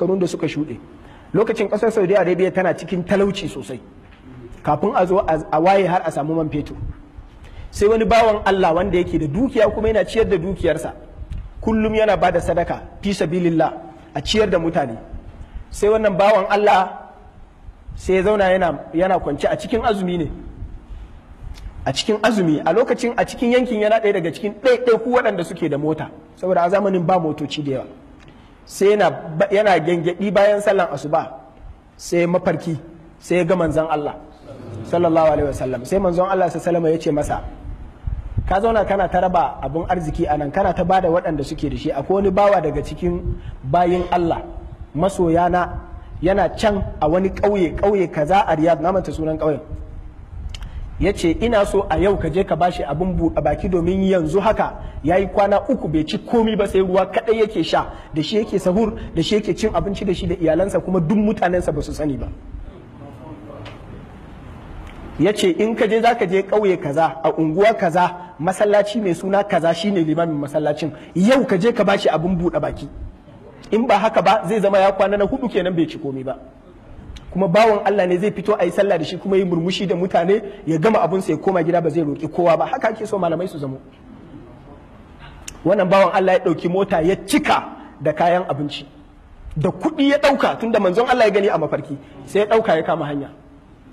karun da suka shuɗe lokacin ƙasar saudi arabia tana cikin talauci sosai kafin a zo a waye har a samu man fetur sai wani bawan allah wanda yake da dukiya kuma yana ciyar da dukiyarsa kullum yana ba da sadaka fi sabilillah a ciyar da mutane sai wannan bawan allah sai ya zauna yana kwance a cikin azumi ne a cikin azumi a lokacin a cikin yankin yana ɗaya daga cikin ɗaiɗaiku waɗanda suke da mota saboda a zamanin ba motoci da yawa sai yana gyangyaɗi bayan sallan asuba sai mafarki sai ga manzon Allah sallallahu alaihi wasallam sai manzon Allah sallallahu ya ce masa ka zauna kana ta raba abun arziki a nan kana ta bada waɗanda suke da shi akwai wani bawa daga cikin bayin Allah masoyana yana can a wani ƙauye ƙauye kaza a Riyadh na sunan ƙauyen ya ce ina so a yau ka je ka bashi abin a baki domin yanzu haka ya yi kwana uku bai ci komi ba sai ruwa kaɗai yake sha da shi yake sahur da shi yake cin abinci da shi da iyalansa kuma duk mutanensa ba su sani ba ya ce in ka je za ka je ƙauye kaza a unguwa kaza masallaci mai suna kaza shi ne limamin masallacin yau ka je ka bashi abin buɗe baki in ba haka ba zai zama ya kwana na hudu kenan bai ci komi ba kuma bawan Allah ne zai fito a yi sallah da shi kuma yi murmushi da mutane ya gama abun sai koma gida ba zai roƙi kowa ba haka ake so malamai su zamo wannan bawan Allah ya ɗauki mota ya cika da kayan abinci da kuɗi ya ɗauka tunda manzon Allah ya gani a mafarki sai ya ɗauka ya kama hanya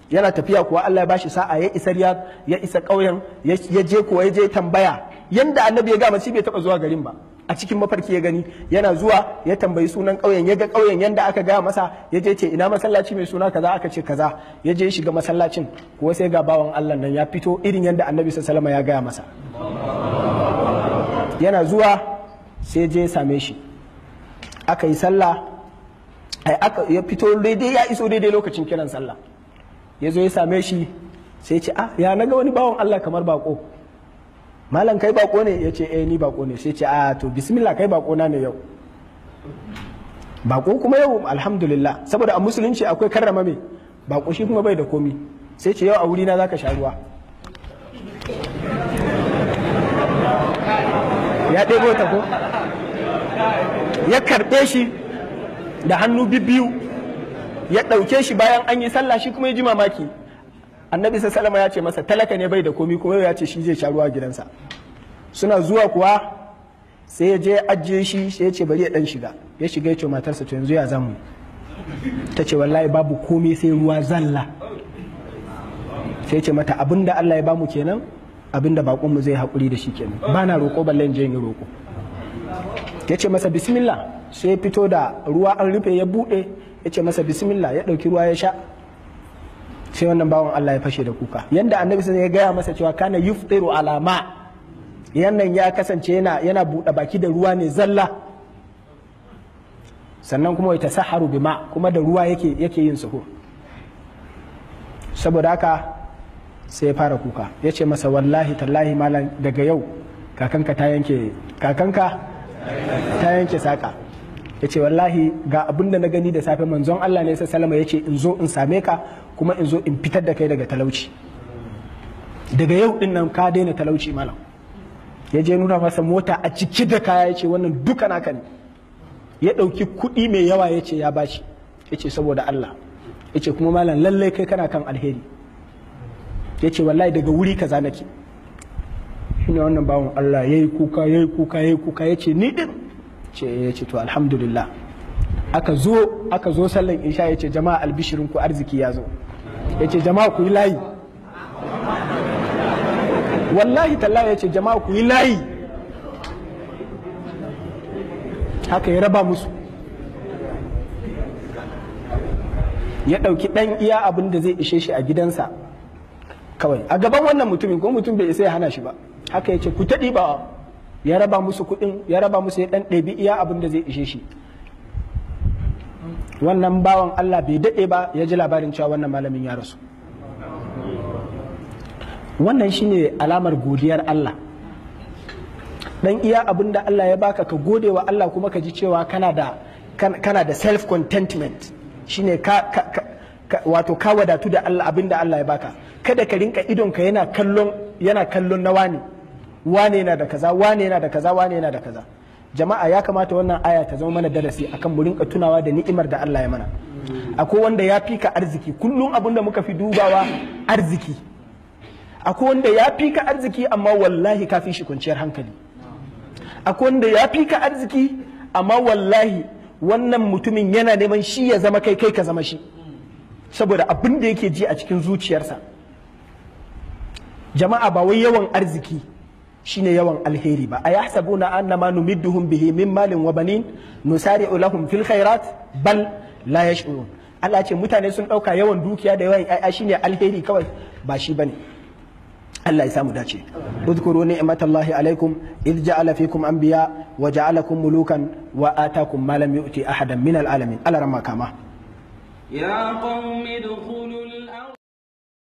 yana tafiya kuwa Allah ya bashi sa'a ya isa Riyadh ya isa ƙauyen ya je kuwa ya je tambaya yanda annabi ya ga mace bai taɓa zuwa garin ba a cikin mafarki ya gani yana zuwa ya tambayi sunan ƙauyen ya ga ƙauyen yanda aka gaya masa ya je ce ina masallaci mai suna kaza aka ce kaza ya je shiga masallacin kuwa sai ga bawan Allah nan ya fito irin yanda annabi sallallahu ya gaya masa yana zuwa sai je same shi aka yi sallah ya fito daidai ya iso daidai lokacin kiran sallah ya zo ya same shi sai ce ah ya naga wani bawan Allah kamar bako malam kai bako ne ya ce eh ni bako ne sai ce a ah, to bismillah kai bako na ne yau bako kuma yau alhamdulillah saboda a musulunci akwai karrama me bako shi kuma bai da komi sai ce yau a wuri na zaka sha ruwa ya ɗebo ta ko ya karɓe shi da hannu bibbiyu ya ɗauke shi bayan an yi sallah shi kuma ya ji mamaki annabi Salama ya ce masa talaka ne bai da komi kuma ya ce shi zai sha ruwa gidansa suna zuwa kuwa sai ya je ajiye shi sai ya ce bari ya dan shiga ya shiga ya ce matarsa to yanzu ya zamu ta ce wallahi babu komai sai ruwa zalla sai ya ce mata abinda Allah ya bamu kenan abinda bakon mu zai hakuri da shi kenan bana na roƙo balle je in roƙo ya ce masa bismillah sai ya fito da ruwa an rufe ya bude ya ce masa bismillah ya dauki ruwa ya sha sai wannan bawan Allah ya fashe da kuka yanda annabi sai ya gaya masa cewa kana yuftiru alama yannan ya kasance yana yana buɗe baki da ruwa ne zalla sannan kuma ya tasaharu bima kuma da ruwa yake yake yin suhur saboda haka sai ya fara kuka ya ce masa wallahi tallahi malam daga yau kakanka ta yanke kakanka ta yanke saka ya ce wallahi ga abin da na gani da safe manzon Allah ne salama ya ce in zo in same ka kuma in zo in fitar da kai daga talauci daga yau din nan ka daina talauci malam ya je nuna masa mota a ciki da kaya ya ce wannan duka naka ne ya ɗauki kuɗi mai yawa ya ce ya bashi ya ce saboda Allah ya ce kuma malam lallai kai kana kan alheri ya ce wallahi daga wuri kaza nake shine wannan bawan Allah ya yi kuka ya yi kuka ya yi kuka ya ce ni din ce ya ce to alhamdulillah aka zo aka zo sallan isha ya ce jama'a albishirin ku arziki ya zo ya ce jama'a ku yi layi wallahi tallahi ya ce jama'a ku yi layi haka ya raba musu ya ɗauki ɗan iya abin da zai ishe shi a gidansa kawai a gaban wannan mutumin ko mutum bai isa ya hana shi ba haka ya ce ku ta ɗibawa ya raba musu kuɗin ya raba musu ya ɗan ɗabi iya abin da zai ishe shi wannan bawan Allah bai daɗe ba ya ji labarin cewa wannan malamin ya rasu wannan shine alamar godiyar Allah ɗan iya abin da Allah ya baka ka gode wa Allah kuma ka ji cewa kana da da self contentment shine ka, wato ka wadatu da Allah abin da Allah ya baka kada ka rinka idon ka yana kallon yana kallon nawa ne wane na da kaza wane na da kaza wane na da kaza jama'a ya kamata wannan aya ta zama mana darasi akan mu rinka tunawa da ni'imar da Allah ya mana akwai wanda ya fi ka arziki kullum abin da muka fi dubawa arziki akwai wanda ya fi ka arziki amma wallahi ka fi shi kwanciyar hankali akwai wanda ya fi ka arziki amma wallahi wannan mutumin yana neman shi ya zama kai kai ka zama shi saboda abin da yake ji a cikin zuciyarsa jama'a ba wai yawan arziki shine yawan alheri ba a yahsabuna annama numidduhum bihi min malin wa banin nusari'u lahum fil khairat bal la yash'urun Allah ce mutane sun dauka yawan dukiya da yawan ai shine alheri kawai ba shi bane Allah ya samu dace udhkuru ni'matallahi alaikum id ja'ala fikum anbiya wa ja'alakum mulukan wa atakum ma lam yu'ti ahadan min alalamin Allah ramma kama ya qaumi dukhulul